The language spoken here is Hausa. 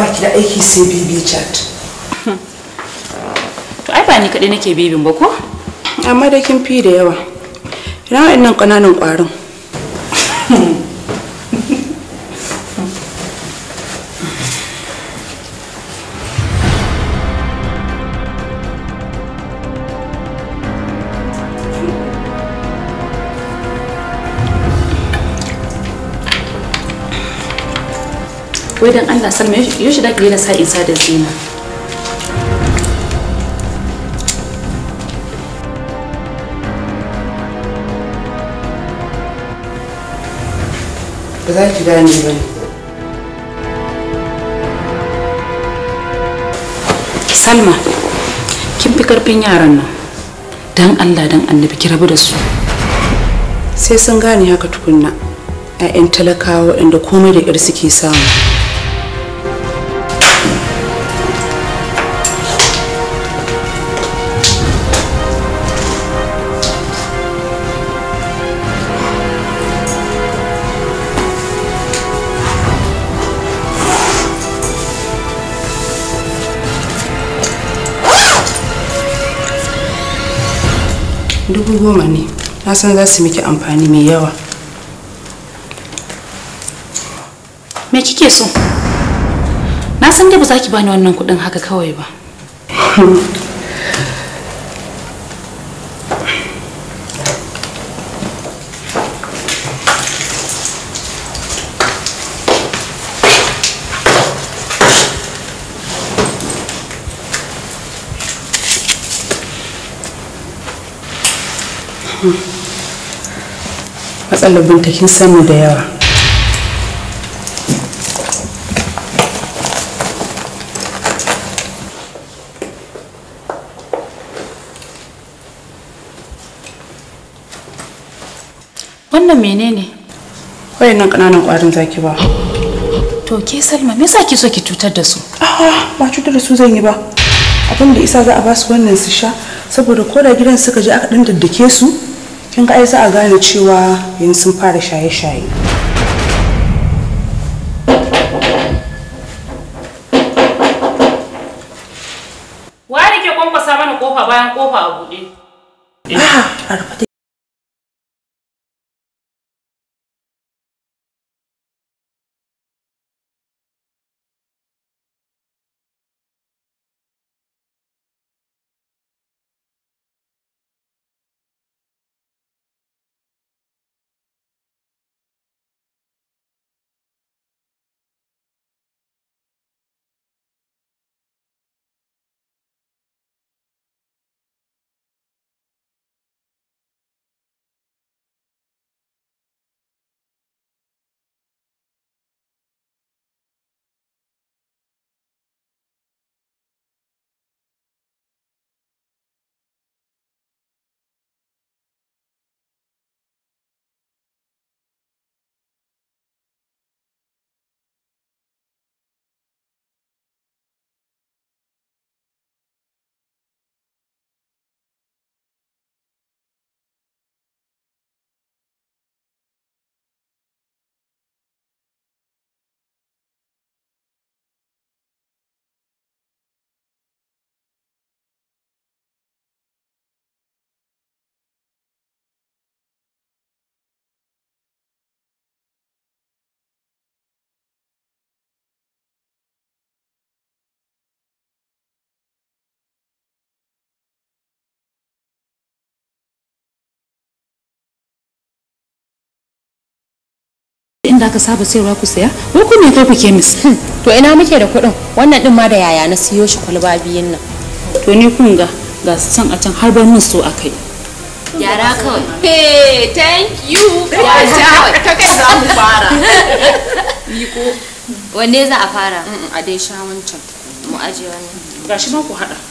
baki da aiki sai bibi chat to ai ba ni kaɗai nake bibin ba ko amma da kin fi da yawa ina waɗannan ƙananan ƙwarin wai dan Allah salma ya shi daki na sa in sa da zina ba za ki gane ba salma kin fi karfin yaran nan dan Allah dan annabi ki rabu da su sai sun gane haka tukunna 'ya'yan talakawa waɗanda komai da ƙyar suke samu dubu goma ne na san za su miki amfani mai yawa me kike so na san da ba za ki bani wannan kudin haka kawai ba matsalar binta kin sani da yawa wannan menene nan ƙananan kwarin zaki ba to ke salma me yasa ki so ki cutar da su a'a ba cutar da su zan yi ba abin da isa za a ba su wannan su sha saboda ko da gidan suka je aka dan daddake su kin ka aisa a gane cewa yin sun fara shaye-shaye wa ke kwankwasa mana kofa bayan kofa a buɗe ah, da aka saba sayarwa ku saya ko ku ne kai ku kemis to ina muke da kuɗin wannan din ma da yaya na siyo shi kwalba biyun nan to ni kun ga ga can a can har bar min so akai yara kawai hey thank you ya ja ta kai za mu fara wanne za a fara a dai sha wancan mu aje wannan gashi ma ku hada